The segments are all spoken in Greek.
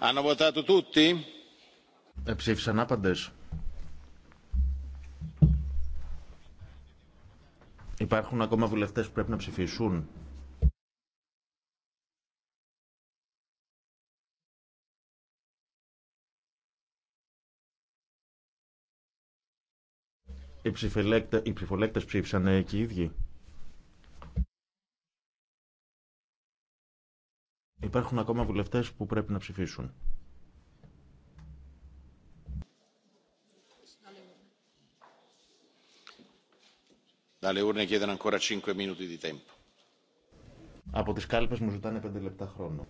Hanno votato άπαντες. Υπάρχουν ακόμα βουλευτές που πρέπει να ψηφίσουν. Οι ψηφολέκτες ψήφισαν ε, και οι ίδιοι. Υπάρχουν ακόμα βουλευτές που πρέπει να ψηφίσουν. Από τις κάλπες μου ζητάνε 5 λεπτά χρόνο.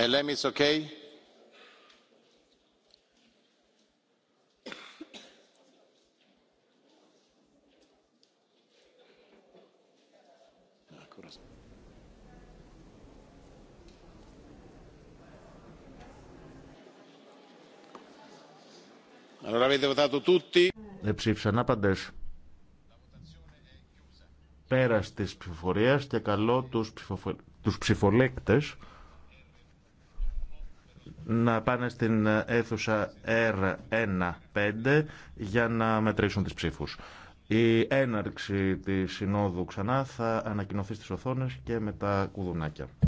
εντάξει. okay. Εψήφισαν άπαντε. Πέρα τη ψηφοφορία και καλό του ψηφολέκτε να πάνε στην αίθουσα R15 για να μετρήσουν τις ψήφους. Η έναρξη της συνόδου ξανά θα ανακοινωθεί στις οθόνες και με τα κουδουνάκια.